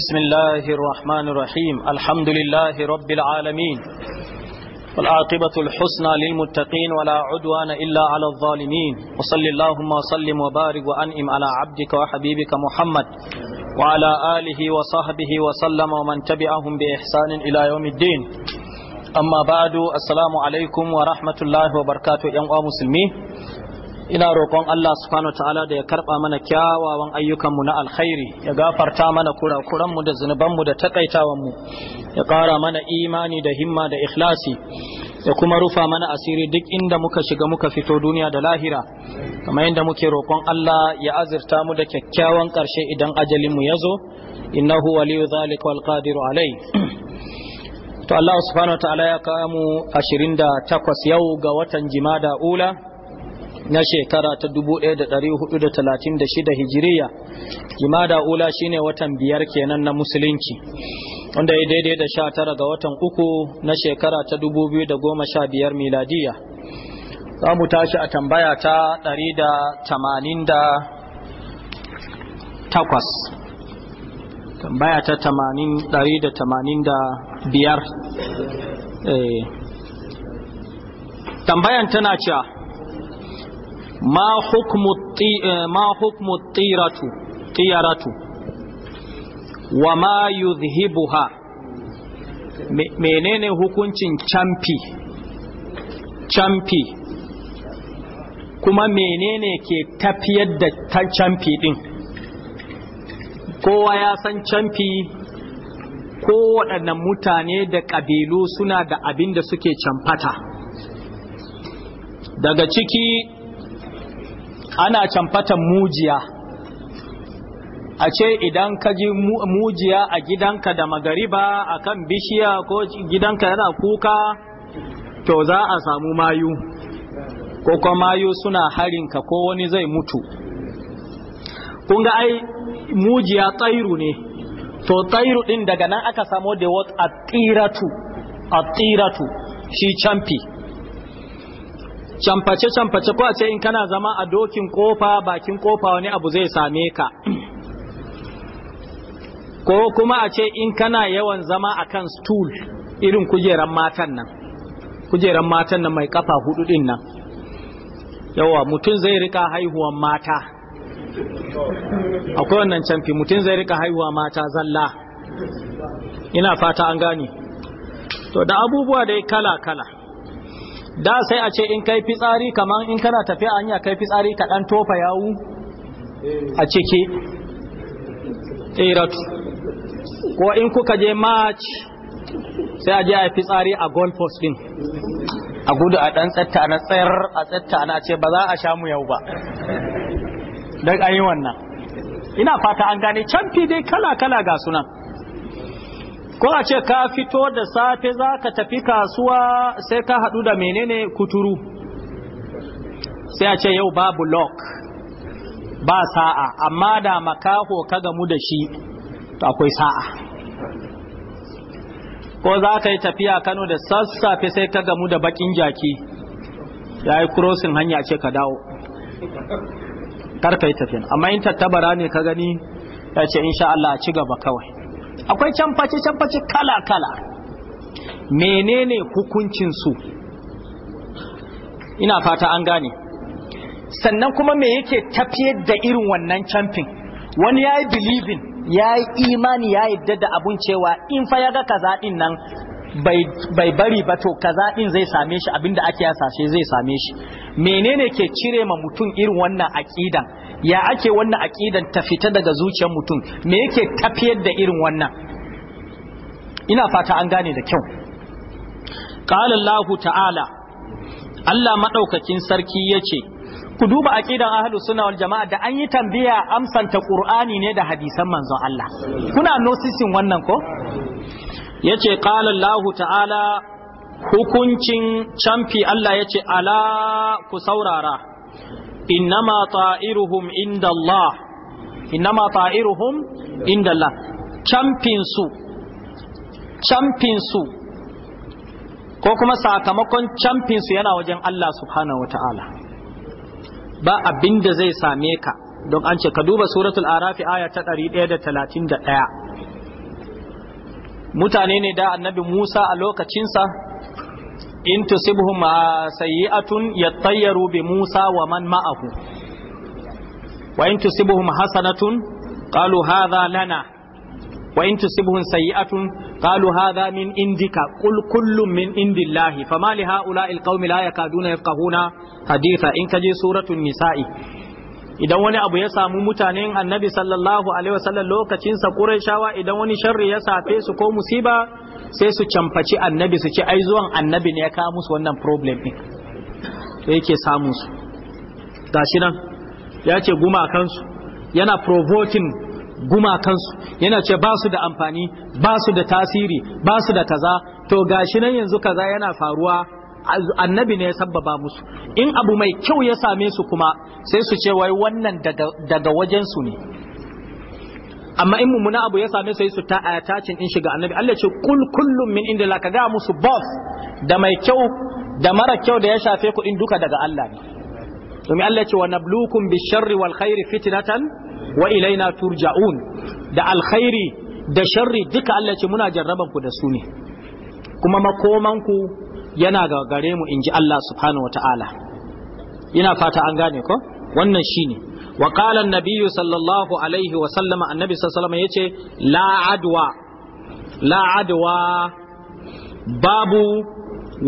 بسم الله الرحمن الرحيم الحمد لله رب العالمين والعاقبة الحسنى للمتقين ولا عدوان إلا على الظالمين وصل اللهم وسلم وبارك وأنئم على عبدك وحبيبك محمد وعلى آله وصحبه وسلم ومن تبعهم بإحسان إلى يوم الدين أما بعد السلام عليكم ورحمة الله وبركاته يا مسلمين ina roƙon Allah subhanahu ta'ala da ya karɓa mana kyawawan ayyukanmu na alkhairi ya gafarta mana kurakuranmu da mu da takaitawanmu ya ƙara mana imani da himma da ikhlasi ya kuma rufa mana asiri duk inda muka shiga muka fito duniya da lahira kamar yadda muke roƙon Allah ya azurta mu da kyakkyawan ƙarshe idan ajalinmu ya zo innahu waliyu zalika wal qadiru alai to Allah subhanahu ta'ala ya kawo mu 28 yau ga watan jimada ula na shekara ta 1436 hijiriya da ula shine watan biyar kenan na musulunci wanda ya daidai da 19 ga watan uku na shekara ta 2015 miladiya za mu tashi a tambaya ta 188 tambaya ta 185 eh, tambayan tana cewa ma hukmu eh, wa ma menene hukuncin camfi camfi kuma menene ke tafiyar da ta camfi din kowa ya san ko kowaɗannan mutane da ƙabilu suna da abin da suke camfata daga ciki ana camfatan mujiya a ce idan ka ji mujiya a gidanka da magariba a kan bishiya ko gidanka yana kuka to za a samu mayu ko kuma mayu suna harinka ko wani zai mutu kunga ai mujiya tsairu ne to tsairu din daga nan aka samo da wata atiratu atiratu shi camfi camface camface ko a ce in kana zama a dokin kofa bakin kofa wani abu zai same ka ko kuma a ce in kana yawan zama a kan stool irin kujeran matan nan kujeran matan nan mai kafa hudu din nan yawa mutum zai rika haihuwan mata akwai wannan camfi mutum zai rika haihuwa mata zalla ina fata an gani to da abubuwa dai kala kala da sai a ce in kai fitsari kaman in kana tafiya hanya kai fitsari ka dan tofa yawu a ciki iratu ko in kuka je march sai a je a fitsari a goal post din a gudu a dan tsatta na tsayar a tsatta na ce ba za a sha mu yau ba dan ayi wannan ina fata an gane canfi dai kala kala ga sunan ko a ce ka fito da safe za ka tafi kasuwa sai ka haɗu da menene kuturu sai a ce yau babu lock ba sa'a amma da makaho ka gamu da shi akwai sa'a ko za ka yi tafiya kano da sassafe sai ka gamu da bakin jaki ya yi kurosin hanya ce ka dawo karka yi tafiya amma in tattabara ne ka gani ya ce insha Allah a ci gaba kawai akwai canfaci canfaci kala kala menene hukuncin su ina fata an gane sannan kuma me yake tafiyar da irin wannan camfin wani yayi believing yayi imani ya yadda da abun cewa in fa ya ga kaza din nan bai bari ba to kaza din zai same shi abinda ake yasa shi zai same shi menene ke cire ma mutum irin wannan aƙidan? ya ake wannan aƙidan ta fita daga zuciyar mutum me yake tafiyar da irin wannan ina fata an gane da kyau qala Allah ta'ala Allah madaukakin sarki yace ku duba aqidan ahlu sunna wal jamaa da an yi tambaya amsanta qur'ani ne da hadisan manzon Allah kuna nosisin wannan ko yace qala Allah ta'ala hukuncin camfi Allah yace ala ku saurara innama ta'iruhum inda Allah innama ta'iruhum inda Allah camfinsu camfinsu ko kuma sakamakon camfinsu yana wajen Allah subhanahu wa ta'ala ba abinda zai same ka don an ce ka duba suratul arafi aya ta 131 mutane ne da annabi Musa a lokacinsa in tusibhum sayyi'atun yattayyaru bi Musa wa man ma'ahu wa in tusibhum hasanatun qalu hadha lana wa in tusibhum sayyi'atun qalu hadha min indika qul kullun min indillahi fama li ha'ula'i alqaumi la yakaduna yafqahuna haditha in kaji suratul nisa'i idan wani abu ya samu mutanen annabi sallallahu alaihi wasallam lokacin sa qurayshawa idan wani sharri ya safe su ko musiba sai su camfaci annabi su ce ai zuwan annabi ne ya kawo musu wannan problem ɗin da yake samun su gashi nan ya ce gumakansu yana provoking gumakansu yana ce ba su da amfani ba su da tasiri ba su da kaza to gashi nan yanzu kaza yana faruwa annabi ne ya sabbaba musu in abu mai kyau ya same su kuma sai su ce wai wannan daga wajensu ne amma in mummuna abu ya same yi su ta tacin in shiga annabi Allah ce kul kullum min inda laka ga musu boss da mai kyau da mara kyau da ya shafe ku in duka daga Allah ne domin Allah ce wa nablukum bi sharri wal khairi fitnatan wa ilaina turja'un da alkhairi da sharri duka Allah ce muna jarraban ku da su ne kuma makoman ku yana ga gare mu inji Allah subhanahu wataala ina fata an gane ko wannan shine wa qala an sallallahu alaihi wa sallama annabi sallallahu alaihi yace la adwa la adwa babu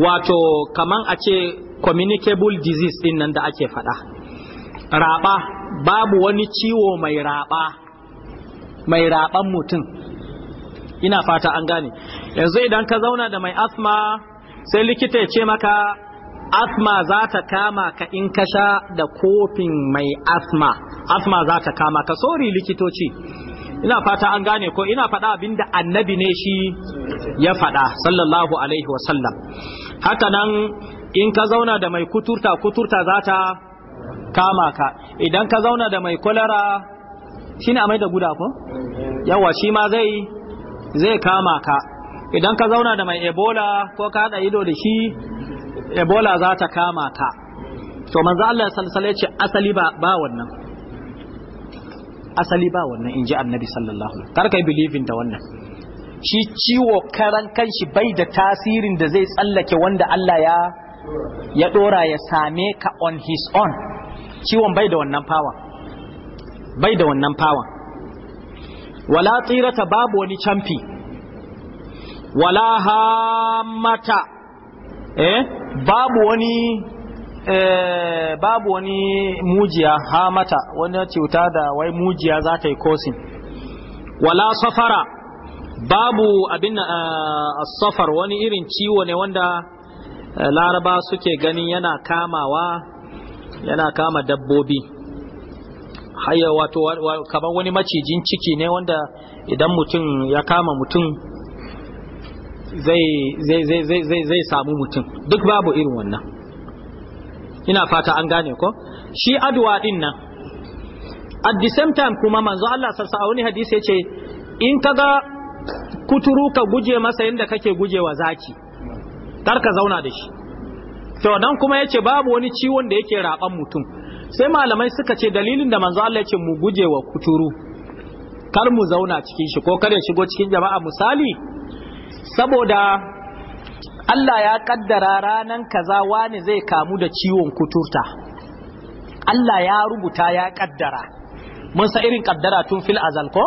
wato kaman a ce communicable disease din nan da ake faɗa raba babu wani ciwo mai raba mai raban mutum ina fata an gane yanzu idan ka zauna da mai asma sai likita ya ce maka asma za ta kama ka in ka sha da kofin mai asma asma za ta kama ka sori likitoci ina fata an gane ko ina faɗa da annabi ne shi ya faɗa sallallahu alaihi wasallam haka nan in ka zauna da mai kuturta kuturta za ta kama ka idan ka zauna da mai kwalara shi ne amai da guda ko? yawa shi ma zai zai kama ka idan ka zauna da mai ebola ko ka haɗa ido da shi ebola za ta kama ka to manzo Allah sallallahu ce asali ba ba wannan asali ba wannan inji annabi sallallahu alaihi kar kai believing da wannan shi ciwo karan kanshi bai da tasirin da zai tsallake wanda Allah ya ya dora ya same ka on his own ciwon bai da wannan power bai da wannan power wala tsirata babu wani champi wala hamata eh babu wani eh babu wani mujiya hamata wani cuta da wai mujiya za ta yi kosin wala safara babu abin eh, safar wani irin ciwo ne wanda eh, laraba suke gani yana kamawa yana kama dabbobi haya wato kamar wani macijin ciki ne wanda idan mutum ya kama mutum zai samu mutum duk babu irin wannan ina fata an gane ko shi adwa din nan at the same time kuma manzo Allah sassa a wani hadisi yace in kaga kuturu ka guje masa yanda kake gujewa zaki kar ka zauna da shi to dan kuma yace babu wani ciwon da yake raban mutum sai malamai suka ce dalilin da manzo Allah yace mu guje wa kuturu kar mu zauna cikin shi ko kar ya shigo cikin jama'a misali saboda Allah ya kaddara ranan kaza wani zai kamu da ciwon kuturta Allah ya rubuta ya kaddara mun sa irin kaddara tun fil azal ko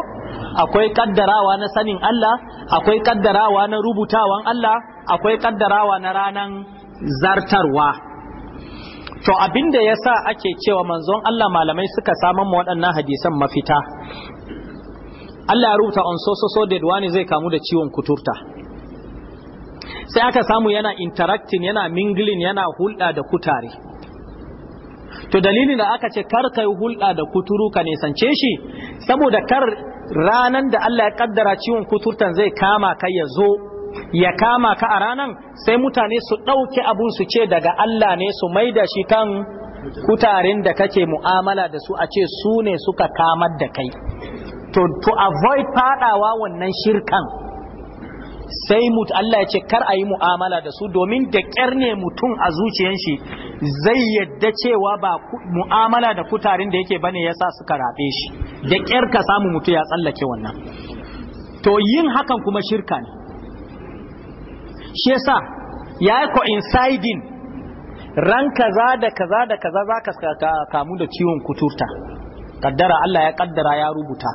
akwai kaddarawa na sanin Allah akwai kaddarawa na rubutawan Allah akwai kaddarawa na ranan zartarwa to abinda yasa ake cewa manzon Allah malamai suka saman mu waɗannan hadisan mafita Allah ya rubuta on so so so dead wani zai kamu da ciwon kuturta sai aka samu yana interacting yana mingling yana hulɗa da kutare to dalilin da aka ce kar kai hulɗa da kuturu ka nisance shi saboda kar ranan da Allah ya kaddara ciwon kuturtan zai kama ka ya zo ya kama ka a ranan sai mutane su ɗauke abun su ce daga Allah ne su maida shi kan kutaren da kake mu'amala da su a ce su ne suka kamar da kai to to avoid fadawa wannan shirkan sai mut Allah ya ce kar a yi mu'amala da su domin da ƙyar ne mutum a zuciyar shi zai yadda cewa ba mu'amala da kutarin da yake bane yasa suka rabe shi da ƙyar ka samu mutu ya tsallake wannan to yin hakan kuma shirka ne shi yasa ya yi coinciding ran kaza da kaza da kaza za ka kamu da ciwon kuturta kaddara Allah ya kaddara ya rubuta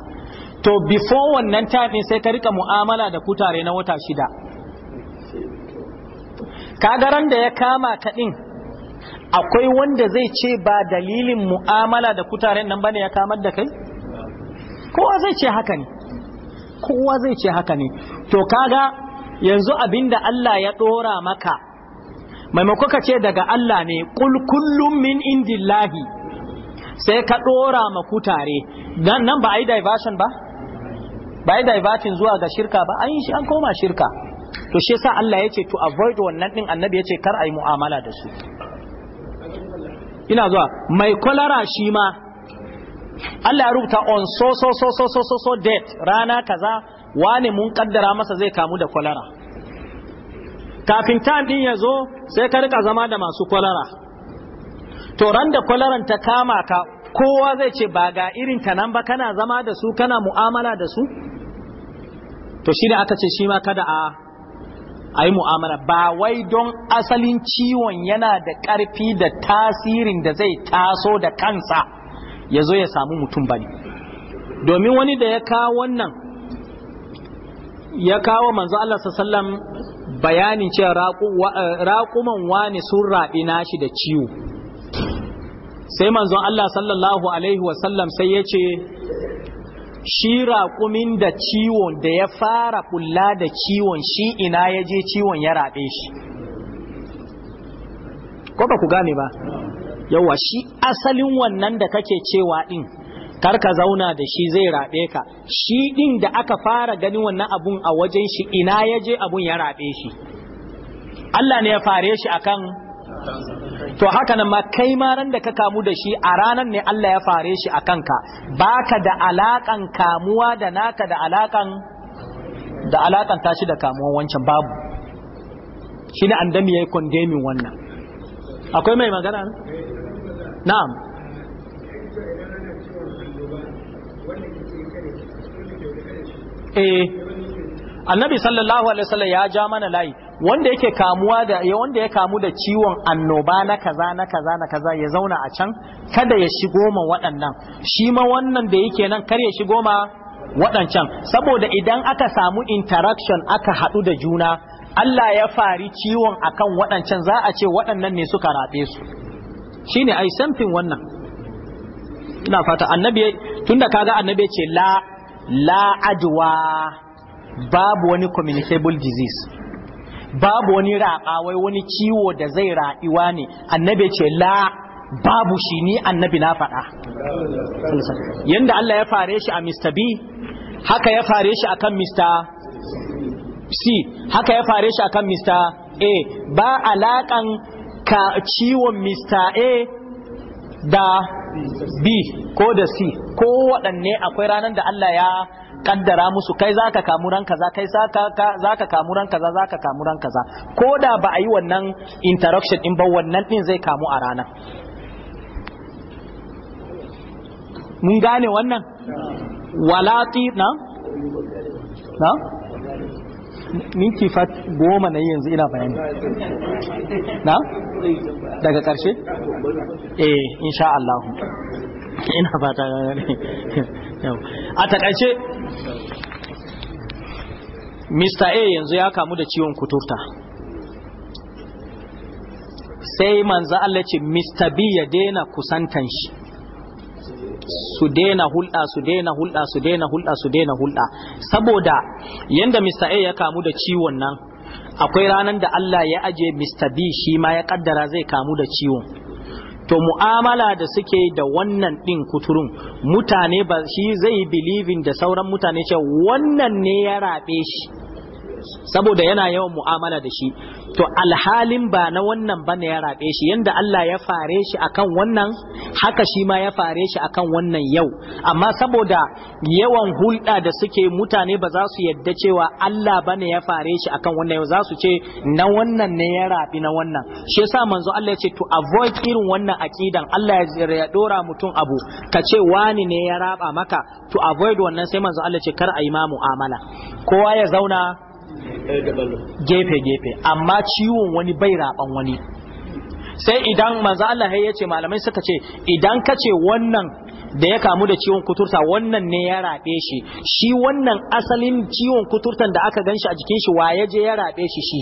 to before wannan tafin sai ka rika mu'amala da kutare na wata shida Ka kagaran da ya kama ka din akwai wanda zai ce ba dalilin mu'amala da kutaren nan bane ya kamar da kai kowa zai ce haka ne kowa zai ce haka ne to kaga yanzu abinda Allah ya dora maka maimako ka ce daga Allah ne kul kullum min indillahi sai ka dora ma kutare nan ba ai diversion ba ba yi divertin zuwa ga shirka ba an shi an koma shirka to shi yasa Allah ya ce to avoid wannan din annabi ya ce kar a yi mu'amala da su ina zuwa mai kwalara shi ma Allah ya rubuta on so so so so so so so date rana kaza wane mun kaddara masa zai kamu da kwalara kafin ta din ya zo sai ka rika zama da masu kwalara to ran da kwalaran ta kama ka kowa zai ce ba ga irin ta nan ba kana zama da su kana mu'amala da su to shi aka ce shi ma kada a a yi mu'amala ba wai don asalin ciwon yana da ƙarfi da tasirin da zai taso da kansa ya zo ya samu mutum bane domin wani da ya kawo wannan ya kawo manzo Allah wasallam bayanin cewa raƙuman wani sun raɓi nashi da ciwo sai manzon Allah sallallahu alaihi wasallam sai ya ce shi raƙumin da ciwon da ya fara kula da ciwon shi ina ya je ciwon ya raɓe shi ko ku gane ba yawa shi asalin wannan da kake cewa ɗin kar ka zauna da shi zai raɓe ka shi ɗin da aka fara ganin wannan abun a wajen shi ina ya je abun ya raɓe shi Allah ne ya fare shi akan to haka nan ma kai ma ran da ka kamu da shi a ranan ne Allah ya fare shi a kanka baka da alakan kamuwa da naka da alakan da alakan tashi da kamuwan wancan babu ne andami yayi condemning wannan akwai mai magana na'am eh annabi sallallahu alaihi wasallam ya ja mana layi wanda yake kamuwa da ya wanda ya kamu da ciwon annoba na kaza na kaza na kaza ya zauna a can kada ya shigo ma waɗannan shi ma wannan da yake nan kar ya shigo ma waɗancan saboda idan aka samu interaction aka haɗu da juna Allah ya fari ciwon akan waɗancan za a ce waɗannan ne suka raɓe su shine ai samfin wannan ina fata annabi tunda kaga annabi ce la la adwa babu wani communicable disease babu wani raɓa wai wani ciwo da zai raɗiwa ne annabi ce la babu shi ni annabi na faɗa Yadda Allah ya fare shi a Mr. B haka ya fare shi akan Mr. C haka ya fare shi akan Mr. A ba alaƙan ka ciwon Mr. A da B ko da C ko waɗanne akwai ranar da Allah ya kaddara musu kai zaka kamu ran kaza kai zaka kamu ran kaza zaka kamu ran kaza ko da ba a yi wannan interaction din ba wannan din zai kamu a rana mun gane wannan walati na na minti fat goma na yanzu ina bayani na daga karshe eh insha Allah ina fata a takaice Mr. A yanzu ya kamu da ciwon kuturta sai manzo Allah ce Mr. B ya daina kusantan shi su daina hulɗa su daina hulɗa su daina hulɗa su daina hulɗa saboda yanda Mr. A ya kamu da ciwon nan akwai ranar da Allah ya aje Mr. B shi ma ya kaddara zai kamu da ciwon to mu'amala da suke da wannan din kuturun mutane ba shi zai believing da sauran mutane cewa wannan ne ya rabe shi saboda yana yawan mu'amala da shi to alhalin ba na wannan ba ne ya rabe shi yanda Allah ya fare shi akan wannan haka shi ma ya fare shi akan wannan yau amma saboda yawan hulɗa da suke mutane ba za su yadda cewa Allah bane ya fare shi akan wannan yau za su ce na wannan ne ya rabi na wannan shi yasa manzo Allah ya ce to avoid irin wannan akidan Allah ya dora mutum abu ka ce wani ne ya raba maka to avoid wannan sai manzo Allah ce kar a yi ma mu'amala kowa ya zauna gefe gefe amma ciwon wani bai raɓan wani sai idan maza Allah ya ce malamai suka ce idan ka ce wannan da ya kamu da ciwon kuturta wannan ne ya rabe shi shi wannan asalin ciwon kuturtan da aka gan shi a jikin shi waye je ya rabe shi shi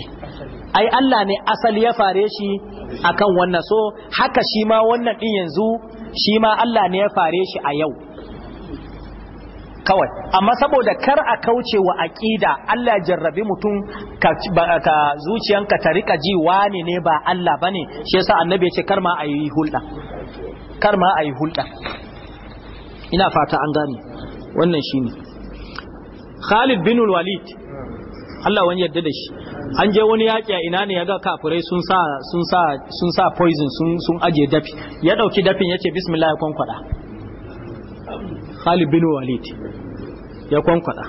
ai Allah ne asali ya fare shi akan wannan so haka shi ma wannan din yanzu shi ma Allah ne ya fare shi a yau kawai amma saboda kar a kauce wa aqida Allah jarrabi mutum ka, zuciyanka ta rika ji wani ne ba Allah bane shi yasa annabi ya ce kar ma ayi hulda kar ma ayi hulda ina fata an gane wannan shine Khalid bin Walid Allah wani yarda da shi an je wani yaki a ina ne ya ga kafirai sun sa sun sa sun sa poison sun sun aje dafi ya dauki dafin yace bismillah ya kwankwada Khalid bin Walid ya kwankwada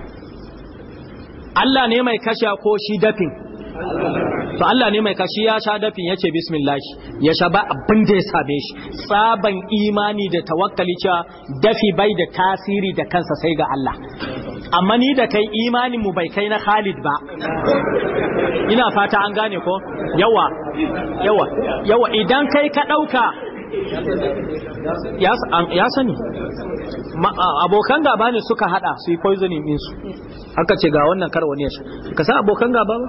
Allah ne mai kashe ko shi dafin to Allah ne mai kashi ya sha dafin yace bismillah ya sha ba abin da ya same shi saban imani da tawakkali cewa dafi bai da tasiri da kansa sai ga Allah amma ni da kai imanin mu bai kai na Khalid ba ina fata an gane ko yawa yawa yawa idan kai ka dauka ya sani abokan gaba ne suka hada su yi poisoning ɗinsu aka ce ga wannan kar wani ya ka sa abokan gaba ba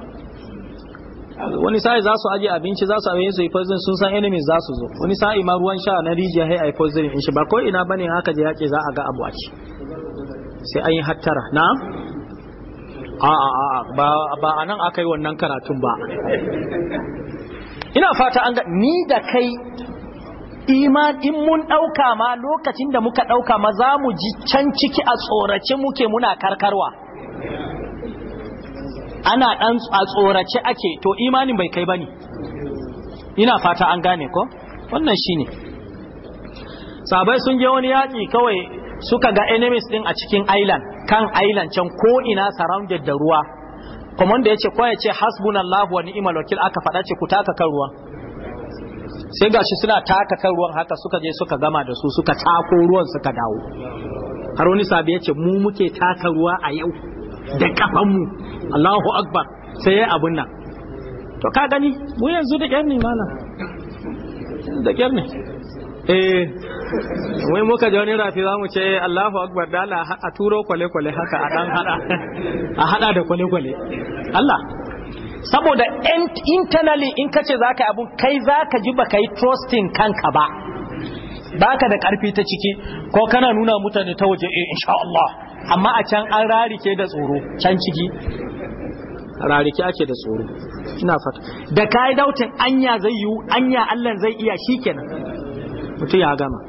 wani sa'i za su aje abinci za su abin su yi poison sun san enemy za su zo wani sa'i ma ruwan sha na rijiya hai yi poison in shi ba ko ina bane haka je yake za a ga abu a ci sai an yi hattara na a a a ba ba nan aka yi wannan karatun ba ina fata an ga ni da kai iman in mun ɗauka ma lokacin da muka ɗauka ma za mu ji can ciki a tsorace muke muna karkarwa ana ɗan a tsorace ake to imanin bai kai ba ne ina fata an gane ko wannan shi ne sabai sun je wani yaƙi kawai suka ga enemies ɗin a cikin island kan island can ko ina surrounded da ruwa kwamanda ya ce ya ce hasbunallahu wa ni'imal wakil aka faɗa ce ku taka kan ruwa sai gashi suna taka kan ruwan haka suka je suka gama da su suka tako ruwan suka dawo har wani sabi ya ce mu muke taka ruwa a yau da kafanmu Allahu akbar sai ya abun nan to ka gani mu yanzu da kyar ne mana da kyar ne eh wai muka ji wani rafi za mu ce Allahu akbar dala a turo kwale-kwale haka a dan hada a hada da kwale-kwale Allah saboda internally in kace zaka abun kai zaka ji baka yi trusting kanka ba baka da karfi ta ciki ko kana nuna mutane ta waje eh insha Allah amma a can an rarike da tsoro can ciki rarike ake da tsoro ina fata da kai dautin anya zai yi anya Allah zai iya shikenan mutu ya gama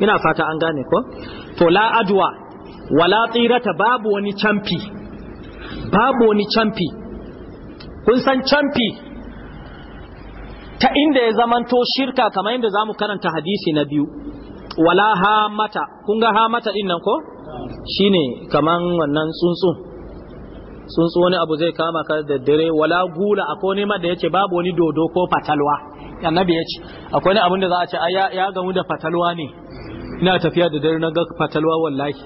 ina fata an gane ko to la adwa wala tsirata babu wani camfi babu wani camfi kun san canfi ta inda ya zamanto shirka kamar yadda zamu karanta hadisi na biyu wala mata. kun ga mata din nan ko shine kaman wannan tsuntsu tsuntsu wani abu zai kama ka da dare wala gula akwai wani ma da yace babu wani dodo ko fatalwa annabi yace akwai wani abin da za a ce ya gamu da fatalwa ne ina tafiya da dare na ga fatalwa wallahi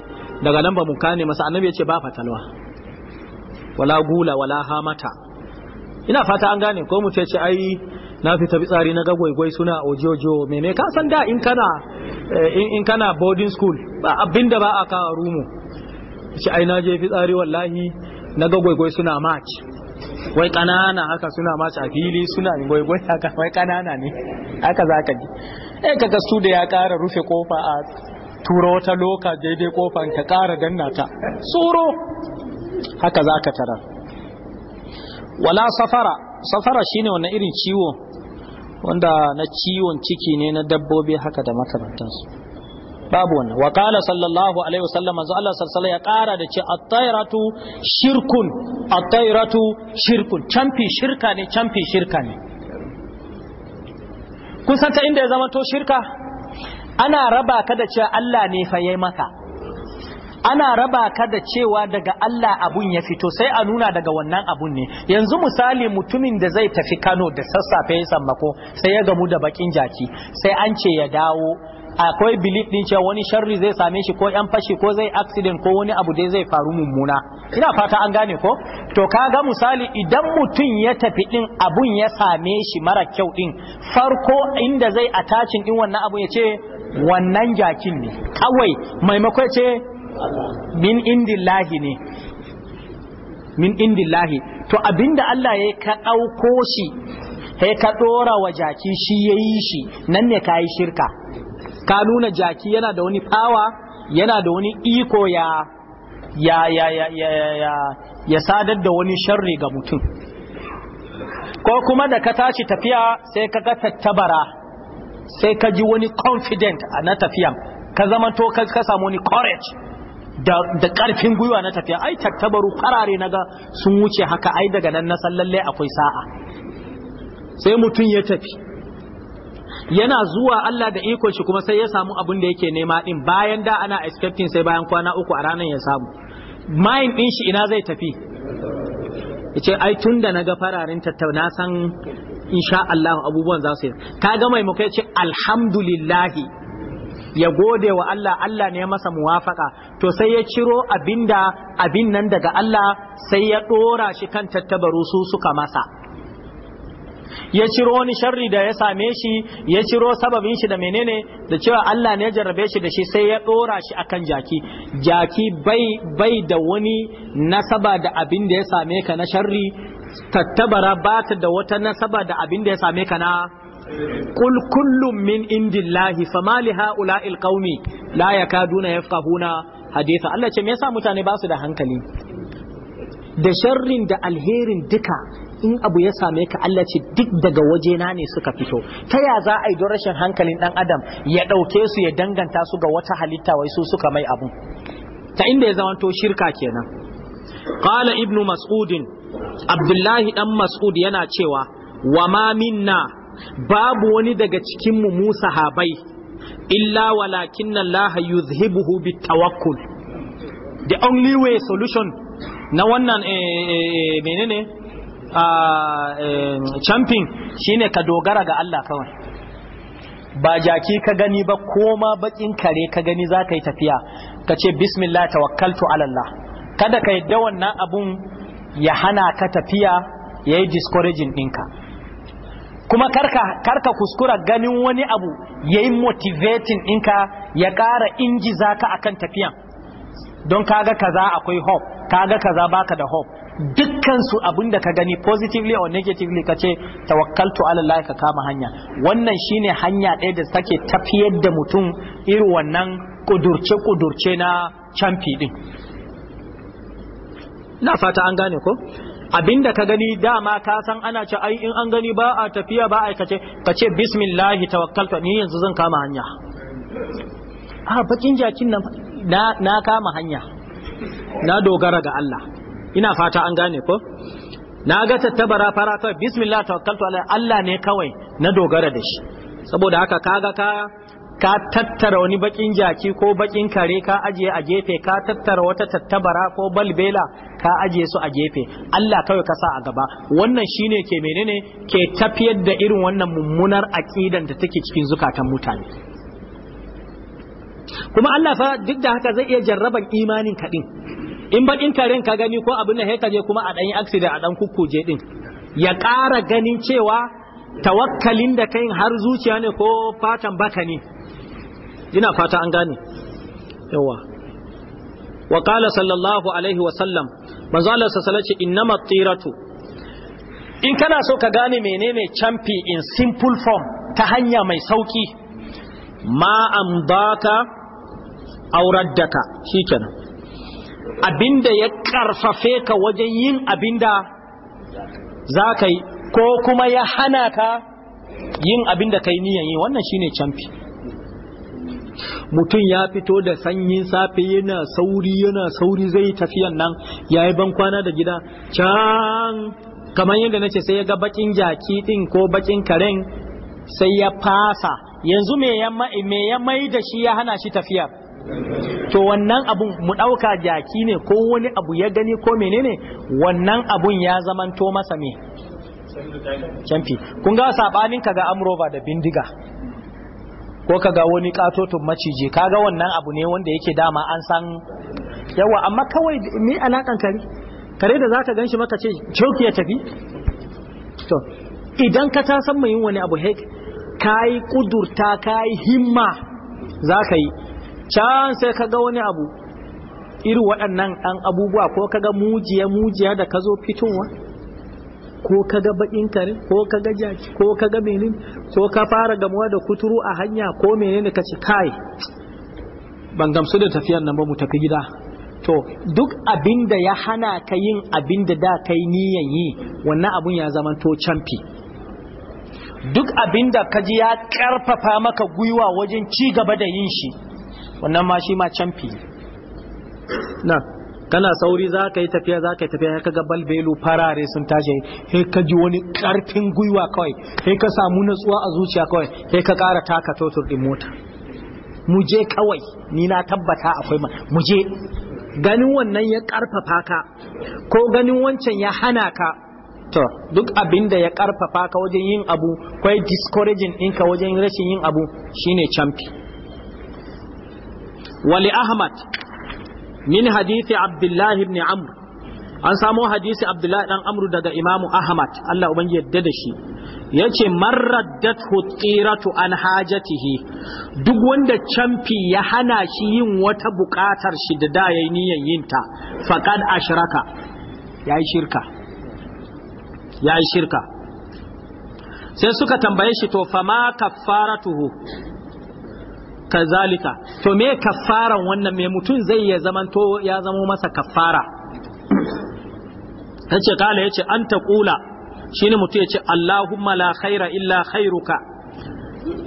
daga nan ba mu kane masa annabi yace ba fatalwa wala gula wala mata. ina fata an gane ko mu ce ce ai na fita fitsari na gagwaigwai suna ojojo me ka san da in kana eh, in kana boarding school ba abinda ba a kawo rumu ce ai na je fitsari wallahi na gagwaigwai suna match wai kanana haka suna match a fili suna gagwaigwai haka wai kanana ne haka zaka ji eh kaga su da ya kara rufe kofa a turo wata loka daidai kofan ka kara danna ta tsoro haka zaka tarar wala safara safara shine wannan irin ciwo wanda na ciwon ciki ne na dabbobi haka da makamantansu babu wannan wa qala sallallahu alaihi wasallam manzo Allah sallallahu ya kara da ce at-tayratu shirkun at-tayratu shirkun camfi shirka ne camfi shirka ne kun san ta inda ya zama to shirka ana raba ka da cewa Allah ne fa yayi maka ana raba ka da cewa daga Allah abun ya fito sai a nuna daga wannan abun ne yanzu misali mutumin da zai tafi Kano da sassafe ya sammako sai ya gamu da bakin jaki sai an ce ya dawo akwai belief din cewa wani sharri zai same shi ko yan fashi ko zai accident ko wani abu dai zai faru mummuna ina fata an gane ko to kaga misali idan mutum ya tafi din abun ya same shi mara kyau din farko inda zai attaching din wannan abun ya ce wannan jakin ne kawai maimako ce min indillahi ne min indillahi to abinda Allah ya ka ɗauko shi sai ka ɗora wa jaki shi yayi shi nan ne ka shirka ka nuna jaki yana da wani power yana da wani iko ya ya ya ya ya ya ya sadar da wani sharri ga mutum ko kuma da ka tashi tafiya sai ka ga tattabara sai ka ji wani confident a na tafiya. ka zama to ka samu wani courage da karfin gwiwa na tafiya ai tattabaru farare na ga sun wuce haka ai daga nan na lallai akwai sa'a sai mutum ya tafi yana zuwa Allah da ikon shi kuma sai ya samu abin da yake nema din bayan da ana expecting sai bayan kwana uku a ranar ya samu mind din shi ina zai tafi yace ai tun da naga fararin tattauna san insha Allah abubuwan za su yi kaga mai muka yace alhamdulillah ya gode wa Allah Allah ne ya masa muwafaka to sai ya ciro abinda abin nan daga Allah sai ya dora shi kan tattabaru su suka masa ya ciro wani sharri da ya same shi ya ciro sababin shi da menene da cewa Allah ne ya jarrabe shi da shi sai ya dora shi akan jaki jaki bai bai da wani nasaba da abin da ya same ka na sharri tattabara ba ta da wata nasaba da abin da ya same ka na qul kullum min indillahi fama li ha'ula'il qaumi la yakaduna yafqahuna haditha Allah ce me yasa mutane ba su da hankali da sharrin da alherin duka in abu ya same ka Allah ce duk daga wajena ne suka fito ta ya za a yi don rashin hankalin dan adam ya ɗauke su ya danganta su ga wata halitta wai su suka mai abu ta inda ya zamanto shirka kenan qala ibnu mas'udin abdullahi dan mas'ud yana cewa wa ma minna babu wani daga cikinmu mu sahabai illa walakin Allah yuzhibuhu bitawakkul the only way solution na wannan eh, eh, eh, menene ah, champion shine ka dogara ga Allah kawai ba jaki ka gani ba koma bakin kare ka gani za ka yi tafiya ka ce bismillah tawakkaltu ala Allah kada ka yadda wannan abun ya hana ka tafiya ya yi discouraging ɗinka kuma karka karka kuskura ganin wani abu yayi motivating ɗinka ya ƙara inji ka akan tafiyan don kaga kaza akwai hope kaga kaza baka da hope dukkansu su abinda ka gani positively or negatively ka ce tawakkaltu ala Allah ka kama hanya wannan shine hanya ɗaya da take tafiyar da mutum irin wannan kudurce kudurce na champi din na fata an gane ko abinda ka gani dama ka san ana ce ai in an gani ba a tafiya ba a kace kace bismillah tawakkaltu ni yanzu zan kama hanya a bakin jakin nan na na kama hanya na dogara ga Allah ina fata an gane ko na ga tattabara fara kawai bismillah tawakkaltu Allah ne kawai na dogara da shi saboda haka kaga ka ka tattara wani bakin jaki ko bakin kare ka ajiye a gefe ka tattara wata tattabara ko balbela ka ajiye su a gefe Allah kawai ka sa a gaba wannan shine ke menene ke tafiyar da irin wannan mummunar aqidan da take cikin zukatan mutane kuma Allah fa duk da haka zai iya jarraban imanin ka din in bakin karen ka gani ko abin da he ka je kuma a dan yi accident a dan kukkuje din ya ƙara ganin cewa tawakkalin da kai har zuciya ne ko fatan baka ne ina fata an gane yawa wa qala sallallahu alaihi wa sallam manzo Allah sallallahu innama tiratu in kana so ka gane menene champi in simple form ta hanya mai sauki ma amdaka aw raddaka shikenan abinda ya karfafe ka wajen yin abinda zaka yi ko kuma ya hana ka yin abinda kai niyan yi wannan shine champi mutum ya fito da sanyin safe yana sauri yana sauri zai tafiyan nan ya yi bankwana da gida can kamar yadda na ce sai ya ga bakin jaki din ko bakin karen sai ya fasa yanzu me ya mai da shi ya hana shi tafiya to wannan abun mu ɗauka jaki ne ko wani abu ya gani ko menene wannan abun ya zamanto masa me canfi kun ga sabanin kaga ga amrova da bindiga ko ka ga wani katotun ka ga wannan abu ne wanda yake dama an san yawa amma kawai ni alakan kare kare da zaka ganshi maka ce cauki ya tafi to idan ka ta mai yin wani abu hek kai kudurta kai himma zaka yi can sai ka ga wani abu irin waɗannan ɗan abubuwa ko ka ga mujiya mujiya da ka zo fitowa ko ka ga bakin kare ko ka ga jaki ko ka ga menin ko ka fara gamuwa da kuturu a hanya ko menene ka ce kai ban gamsu da tafiyar nan ba mu tafi gida to duk abin ya hana ka yin abinda da da kai niyan yi wannan abun ya zama to camfi duk abin da ka ji ya karfafa maka gwiwa wajen ci gaba da yin shi wannan ma shi ma camfi na kana sauri za ka yi tafiya za ka yi tafiya ka ga balbelu farare sun tashi sai ka ji wani karfin gwiwa kawai sai ka samu natsuwa a zuciya kawai sai ka kara taka totur din mota mu je kawai ni na tabbata akwai ma mu je ganin wannan ya karfafa ka ko ganin wancan ya hana ka to duk abin da ya karfafa ka wajen yin abu kai discouraging ɗinka wajen rashin yin abu shine champi wali ahmad min hadisi abdullahi ibn amr an samo hadisi abdullahi dan amru daga imamu ahmad Allah uban yadda da shi yace marraddat hutiratu an hajatihi duk wanda camfi ya hana shi yin wata bukatar shi da da yayi niyyar yin ta faqad ashraka yayi shirka yayi shirka sai suka tambaye shi to fama kaffaratuhu kazalika to me kafaran wannan me mutum zai ya zamanto ya zamo masa kafara yace kala yace an ta kula shine mutum yace Allahumma la khaira illa khairuka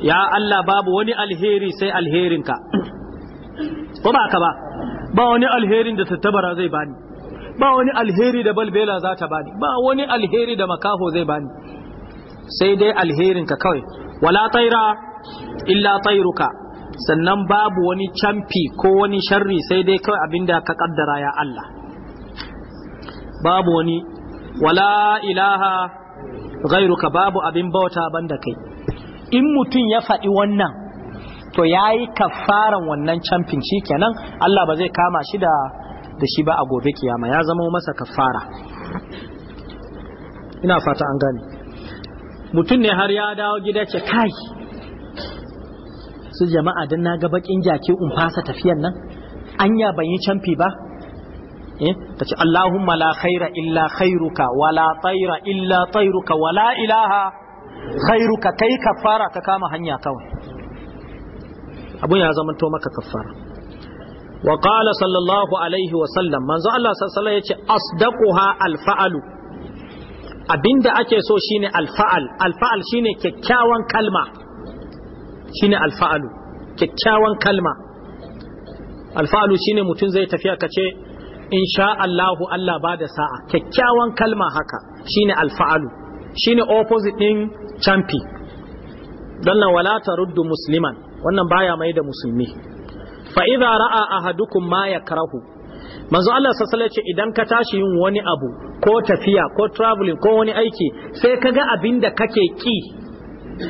ya Allah babu wani alheri sai alherinka ko ba ka ba ba wani alherin da tattabara zai bani ba wani alheri da balbela za ta bani ba wani alheri da makaho zai bani sai dai alherinka kawai wala tsaira illa tsairuka. sannan babu wani camfi ko wani sharri sai dai kawai abinda ka kaddara ya Allah babu wani wala ilaha gairuka babu abin bauta banda kai in mutum ya faɗi wannan to yayi kafaran wannan camfin shi kenan Allah ba zai kama shi da da shi ba a gobe kiyama ya zama masa kafara ina fata an gane mutum ne har ya dawo gida ce kai su jama'a don na ga bakin jaki in fasa tafiyan nan anya ban yi canfi ba eh, ta ce Allahumma la khaira illa khairuka wala tsaira illa tsairuka wala ilaha khairuka kai kafara ka kama hanya kawai abun ya zama to maka kafara wa qala sallallahu alaihi wa sallam manzo Allah sallallahu alaihi yace asdaquha alfa'alu abinda ake so shine alfa'al alfa'al shine kyakkyawan kalma shine alfa'alu kyakkyawan kalma alfa'alu shine mutum zai tafiya ka ce Allahu Allah ba da sa'a kyakkyawan kalma haka shine alfa'alu shine opposite din champi dan nan wala taruddu musliman wannan baya mai da musulmi fa idza ra'a ahadukum ma yakrahu manzo Allah sassale ce idan ka tashi yin wani abu ko tafiya ko traveling ko wani aiki sai ka ga abin da kake ki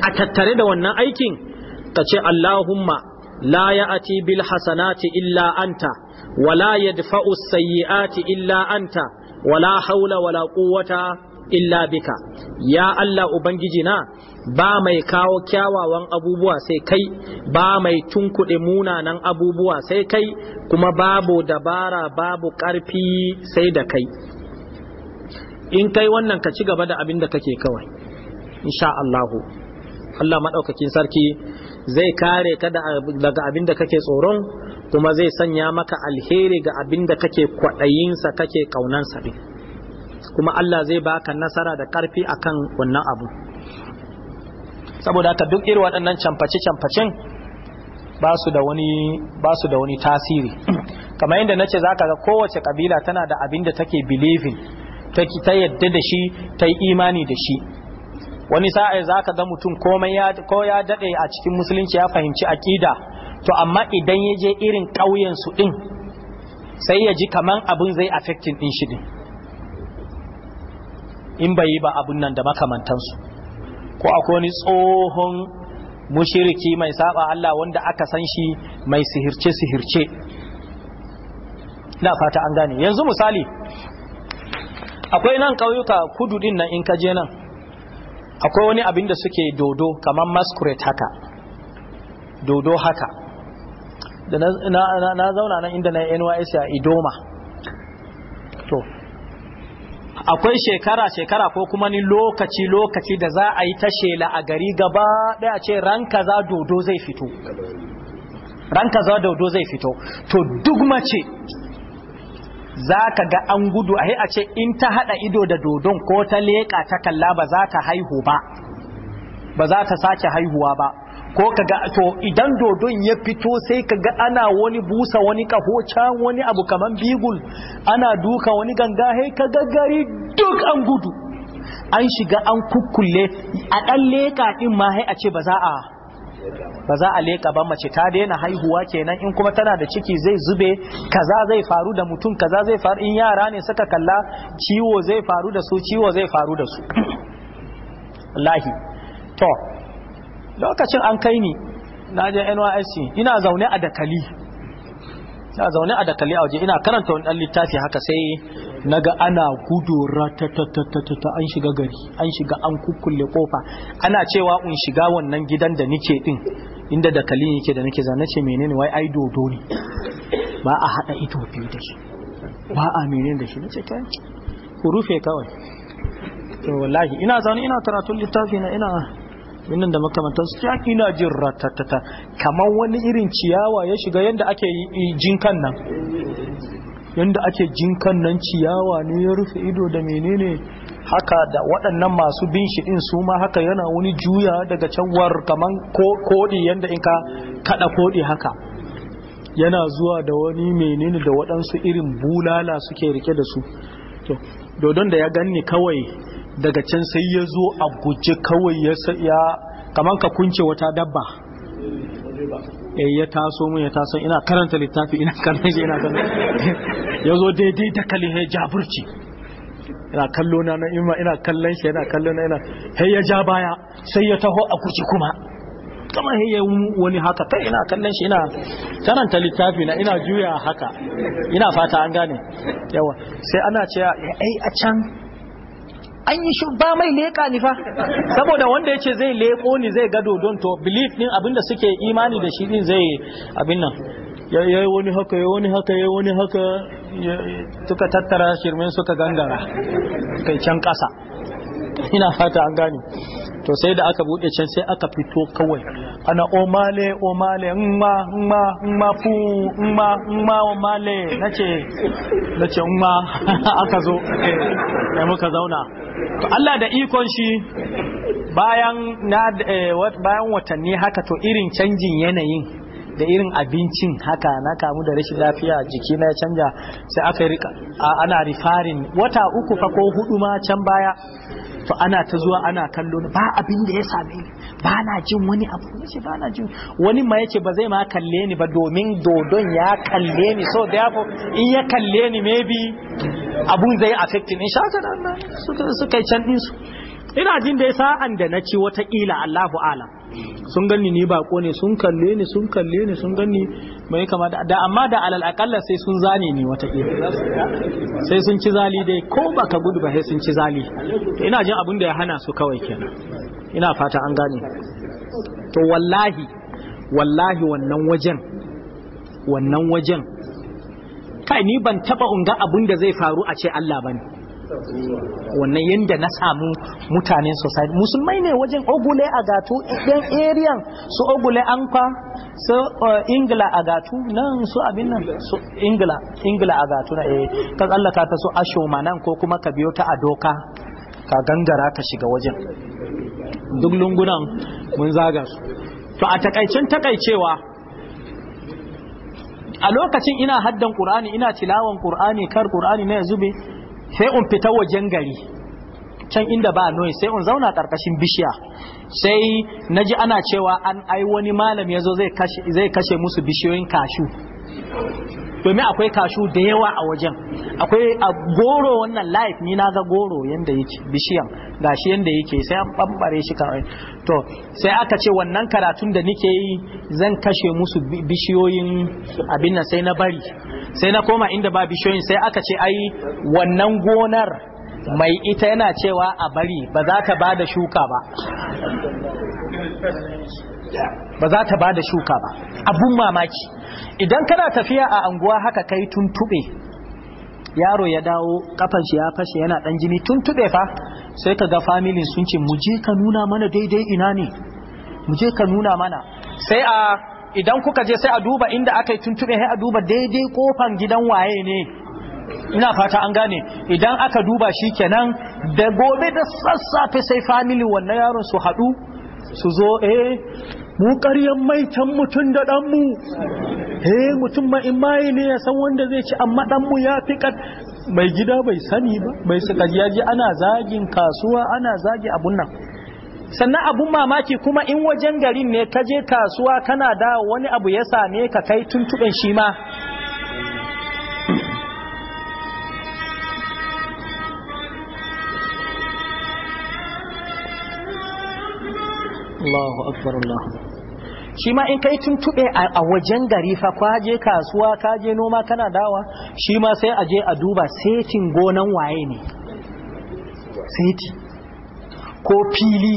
a tattare da wannan aikin ka ce Allahumma la ya'ati bil hasanati illa anta wala yadfa'u sayyi'ati illa anta wala haula wala quwwata illa bika ya Allah ubangiji na ba mai kawo kyawawan abubuwa sai kai ba mai tunkuɗe munanan abubuwa sai kai kuma babu dabara babu ƙarfi sai da kai in kai wannan ka ci gaba da abin da kake kawai insha Allahu Allah maɗaukakin sarki zai kare ka daga abin da kake tsoron kuma zai sanya maka alheri ga abin da kake kwaɗayinsa kake ƙaunansa ɗin kuma Allah zai baka nasara da ƙarfi akan wannan abu saboda haka duk irin waɗannan camface-camfacen ba su da wani tasiri kamar yadda na ce za ka ga kowace kabila tana da abin da take believing ta yadda da shi ta yi imani da shi wani sa'a za ka ga mutum komai ya ko ya dade a cikin musulunci ya fahimci aqida to amma idan ya je irin ƙauyen su din sai ya ji kaman abun zai affecting din shi din in bai yi ba abun nan da makamantansu ko akwai wani tsohon mushiriki mai saba Allah wanda aka san shi mai sihirce sihirce na fata an gane yanzu misali akwai nan ƙauyuka kudu din nan in ka je nan akwai wani abin da suke dodo kamar masquerade haka dodo haka da na zauna nan inda na NYS a idoma to akwai shekara-shekara ko kuma ni lokaci-lokaci da za a yi ta shela a gari gaba daya ce ranka za dodo zai fito ranka za dodo zai fito to duk mace za ka ga an gudu a a ce in ta haɗa ido da dodon ko ta leƙa ta kalla ba za ta haihu ba ba za ta sake haihuwa ba ko ka ga to idan dodon ya fito sai ka ga ana wani busa wani kaho can wani abu kamar bigul ana duka wani ganga hai ka ga gari duk an gudu an shiga an kukkule a ɗan leƙa ɗin ma hai a ce ba za a ba za a leka ba mace ta daina haihuwa kenan in kuma tana da ciki zai zube kaza zai faru da mutum kaza zai faru in yara ne suka kalla ciwo zai faru da su ciwo zai faru da su lahi to lokacin an kai ni na je NYSC ina zaune a dakali ina zaune a dakali a waje ina karanta wani dan littafi haka sai naga ana gudu ratatatatata an shiga gari an shiga an kukkulle kofa ana cewa in shiga wannan gidan da nike din inda da kalin yake da nake zane ce menene wai ai dodo ne ba a hada ito biyu da shi ba a menene da shi ce kai ku rufe kawai to wallahi ina zanu ina karatun littafi na ina wannan da makamantar su ya ina jin ratatata kamar wani irin ciyawa ya shiga yadda ake jin jinkan nan yadda ake jinkan nan ciyawa ne ya rufe ido da menene haka da waɗannan masu bin shi ɗin su ma haka yana wani juya daga canwar kaman koɗi yadda in ka kaɗa koɗi haka yana zuwa da wani menene da waɗansu irin bulala suke rike da su dodon da ya ganni kawai daga can sai ya zo a guje kawai ya kaman ka kunce wata dabba Eh, ya taso mun ya taso ina karanta littafi ina kallon shi ina kallon ya zo daidai da kalin ya jaburci ina kallo na na ima ina kallon shi ina kallo na ina hey ya ja baya sai ya taho a kuci kuma kamar hey ya wani haka kai ina kallon shi ina karanta littafi na ina juya haka ina fata an gane yawa sai ana cewa eh, ai a can an yi shi ba mai leƙa ni fa saboda wanda yace zai leƙo ni zai gado don to belief din abinda suke imani da shi din zai abin nan yayi wani haka yayi wani haka yayi wani haka suka tattara shirmen suka gangara kai can ƙasa ina fata an gane to sai da aka bude can sai aka fito kawai ana omale omale mma mma mma fu mma mma omale nace nace mma aka zo eh muka zauna to Allah da ikon shi eh, bayan watanni haka to irin canjin yanayin da irin abincin haka na kamu da rashin lafiya jiki na ya canja sai aka rika ana rifarin wata uku fa ko hudu ma can baya to ana ta zuwa ana kallo ba abin da ya same ni ba na jin wani abu nace ba na jin wani ma yace ba zai ma kalle ni ba domin dodon ya kalle ni so therefore in ya kalle ni maybe abun zai affect ni sha ta suka suka can din su ina jin da sa'an da na ci wata kila Allahu alam sun ganni ni bako ne sun kalle ni sun kalle ni sun ganni mai kama da amma da alal akalla sai sun zane ni wata sai sun ci zali dai ko baka gudu ba sai sun ci zali to ina jin abin da ya hana su kawai kenan ina fata an gane to wallahi wallahi wannan wajen wannan wajen kai ni ban taba unga abin da zai faru a ce Allah bane wannan yadda na samu mutanen society musulmai ne wajen ogule a gatu ɗan ariyan su ogule kwa. su eh, ingila a gatu nan su abin nan su ingila ingila a gatu na eh ka tsallaka ta su ma nan ko kuma ka biyo ta a doka ka gangara ka shiga wajen duk lungunan mun zaga su to a takaicen takaicewa a lokacin ina haddan qur'ani ina tilawan qur'ani kar qur'ani na zube sai in fita wajen gari can inda ba noise sai in zauna ƙarƙashin bishiya sai naji ana cewa an ai wani malam yazo zai kashe zai kashe musu bishiyoyin kashu domin akwai kashu da yawa a wajen akwai a goro wannan life ni na ga goro yanda yake bishiyan gashi yanda yake sai an bambare shi kawai to sai aka ce wannan karatun da nike yi zan kashe musu bishiyoyin abin sai na bari sai na koma inda ba bishiyoyin sai aka ce ai wannan gonar mai ita yana cewa a bari ba za ta ba da shuka ba ba za ta bada shuka ba abun mamaki idan kana tafiya a anguwa haka kai tuntube yaro ya dawo kafan shi ya fashe yana dan jini tuntube fa sai ka ga familin sun ce mu je ka nuna mana daidai ina ne mu je ka nuna mana sai a idan kuka je sai a duba inda aka yi tuntube sai a duba daidai kofan gidan waye ne ina fata an gane idan aka duba shi kenan da gobe da sassafe sai family wannan yaron su haɗu su zo eh mu ƙaryan maitan mutum da ɗanmu he mutum ma in maye ne ya san wanda zai ci amma ɗanmu ya fi ƙat mai gida bai sani ba bai suka ji ana zagin kasuwa ana zagi abun nan sannan abun mamaki kuma in wajen garin ne ka je kasuwa kana da wani abu ya same ka kai tuntuɓin shi ma Allahu akbar akbar shi ma in kai tuntube a wajen gari fa kwaje kasuwa kaje noma kana dawa shi ma sai a je a duba setin gonan waye ne seti ko fili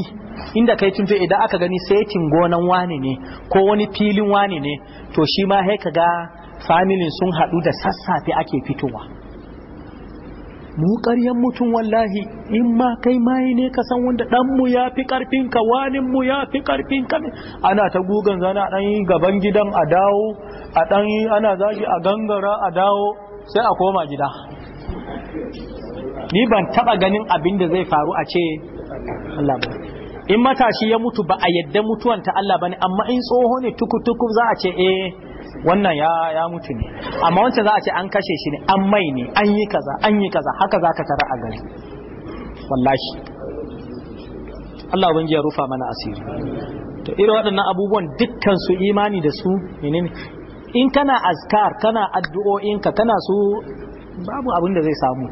inda kai tuntube da aka gani setin gonan wani ne ko wani filin wani ne to shi ma sai kaga familin sun haɗu da sassafe ake fitowa mu ƙaryan mutum wallahi in ma kai maye ne ka san wanda ɗanmu ya fi ƙarfinka mu ya fi ka. ana ta gugan zana a ɗan gaban gidan a dawo a ɗan ana zagi a gangara a dawo sai a koma gida ni ban taɓa ganin abin da zai faru a ce Allah ba in matashi ya mutu ba a yadda mutuwan ta Allah ba ne amma in tsoho ne tukutuku za a ce eh wannan ya ya mutu ne amma wancan za a ce an kashe shi ne an mai ne an yi kaza an yi kaza haka za ka tara a gari wallahi Allah ubangiji ya rufa mana asiri to irin waɗannan abubuwan dukkan su imani da su menene in kana azkar kana addu'o'inka kana su babu abin da zai samu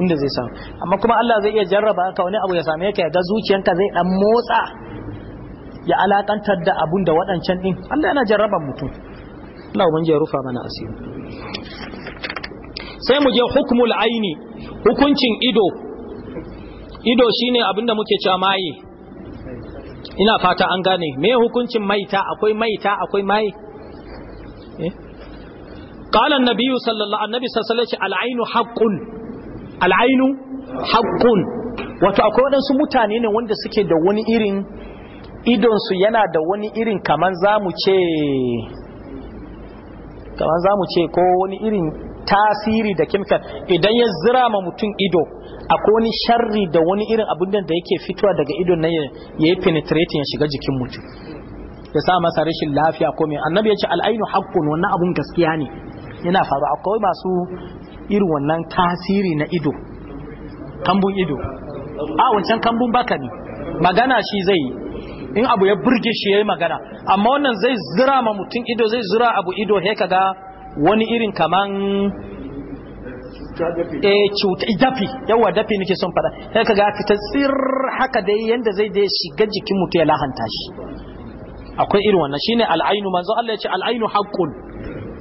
inda zai samu amma kuma Allah zai iya jarraba ka wani abu ya same ka ya ga zuciyanka zai dan motsa ya alakantar da abun da waɗancan din Allah yana jarraban mutum Allah ubangi ya rufa mana asiri sai mu je hukmul aini hukuncin ido ido shine abinda muke cewa mai ina fata an gane me hukuncin maita akwai maita akwai mai. Eh? qala eh sallallahu النبي صلى الله عليه وسلم العين حق العين حق wato akwai waɗansu mutane ne wanda suke da wani irin idonsu yana da wani irin kaman za mu ce kamar za mu ce ko wani irin tasiri da chemical idan ya zira ma mutum ido a wani sharri da wani irin abin da yake fitowa daga ido na ya yi penetrating ya shiga jikin mutum ya sa masa rashin lafiya ko mai annabi ya ce al'ainu haqqun wannan abun gaskiya ne yana faru akwai masu irin wannan tasiri na ido kambun ido a wancan kambun baka ne magana shi zai in abu ya burge shi ya yi magana amma wannan zai zira ma mutum ido zai zira abu ido he kaga wani irin kaman E cuta dafi yawa dafi nake son fada he kaga fita tsir haka dai yanda zai da shiga jikin mutum ya lahanta shi akwai irin wannan shine al'ainu manzo Allah ya ce al'ainu haqqun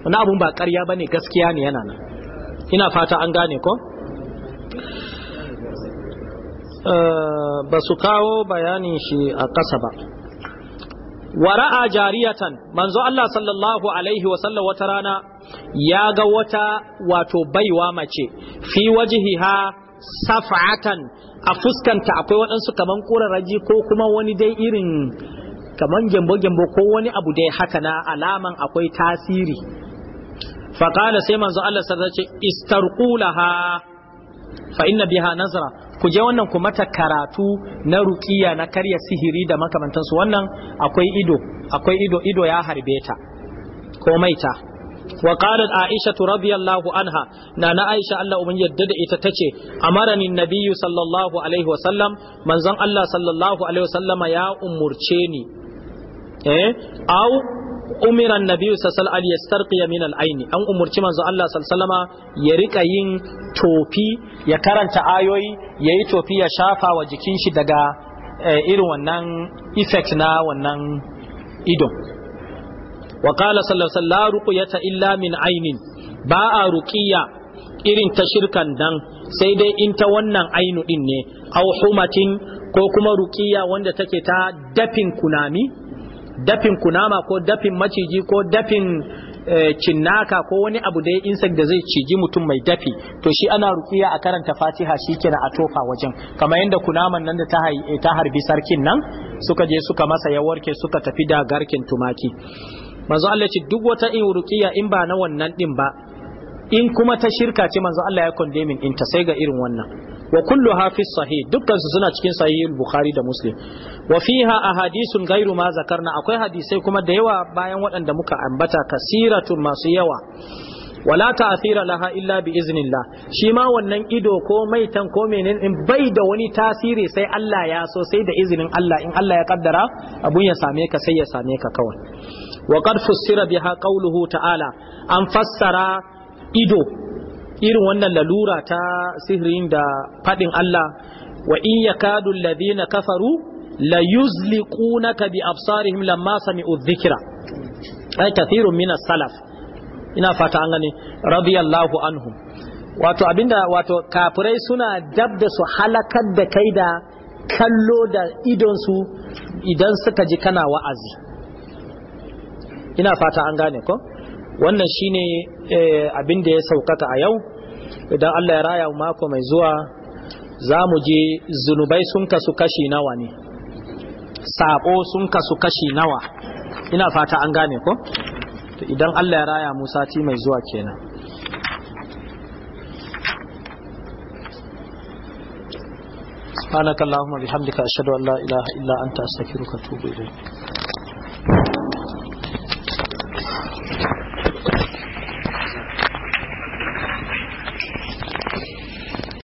wannan abun ba ƙarya bane gaskiya ne yana nan ina fata an gane ko Eh, ba su kawo bayanin shi a ƙasa ba wara'a jariyatan manzo Allah sallallahu alaihi wa sallam wata rana ya ga wata wato baiwa mace fi wajhiha saf'atan a fuskanta akwai waɗansu kaman ƙurarraji ko kuma wani dai irin kaman gyambo-gyambo ko wani abu dai haka na alaman akwai tasiri faƙala sai manzo Allah sallallahu alaihi wa sallam istarqulaha fa inna biha nazara ku je wannan ku mata karatu na ruqiya na karya sihiri da su wannan akwai ido akwai ido ido ya harbe ta ko ta wa qalat aisha radiyallahu anha na na aisha Allah ubun yadda da ita tace amarani nabiyyu sallallahu alaihi wa sallam manzon Allah sallallahu alaihi wa sallama ya umurce ni eh au umira annabi sallallahu alaihi yastarqiya min al-aini an umurci manzo Allah sallallahu ya rika yin tofi ya karanta ayoyi yayi tofi ya shafa wa jikin shi daga eh, irin wannan effect na wannan ido wa qala sallallahu alaihi wasallam ruqyata illa min ainin ba a ruqiya irin ta shirkan dan sai dai in ta wannan ainu din ne au humatin ko kuma ruqiya wanda take ta dafin kunami dafin kunama ko dafin maciji ko dafin eh, cinnaka ko wani abu da ya insa da zai ciji mutum mai dafi to shi ana rukiya a karanta fatiha shi kenan a tofa wajen kamar yadda kunaman nan da eh, ta harbi sarkin nan suka je suka masa ya warke suka tafi da garkin tumaki manzo Allah ce duk wata in rukiya in ba na wannan din ba in kuma ta shirka ce manzo Allah ya condemning in ta sai ga irin wannan wa kullu hafiz sahih dukkan suna cikin sahih bukhari da muslim wa fiha ahadithun ghairu ma zakarna akwai hadisai kuma da yawa bayan waɗanda muka ambata kasiratun masu yawa wala ta'thira laha illa bi iznillah shi ma wannan ido ko tan ko menen in bai da wani tasiri sai Allah ya so sai da izinin Allah in Allah ya kaddara abun ya same ka sai ya same ka kawai wa qad fussira biha qawluhu ta'ala an fassara ido irin wannan lalura ta sihirin da faɗin Allah wa in yakadu alladhina kafaru la yuzliqunaka bi absarihim lamma sami'u dhikra ay kathirun min salaf ina fata an gane radiyallahu anhum wato abinda wato kafirai suna dabda su halakar da kai da kallo da idon su idan suka ji kana wa'azi ina fata an gane ko wannan shine eh, abin da ya saukaka a yau idan Allah ya raya mako mai zuwa za mu je zunubai sun kasu kashi nawa ne sabo sun kasu kashi nawa ina fata an gane ko to idan Allah ya raya mu sati mai zuwa kenan subhanakallahumma bihamdika ashhadu an la ilaha illa anta astaghfiruka wa atubu ilayk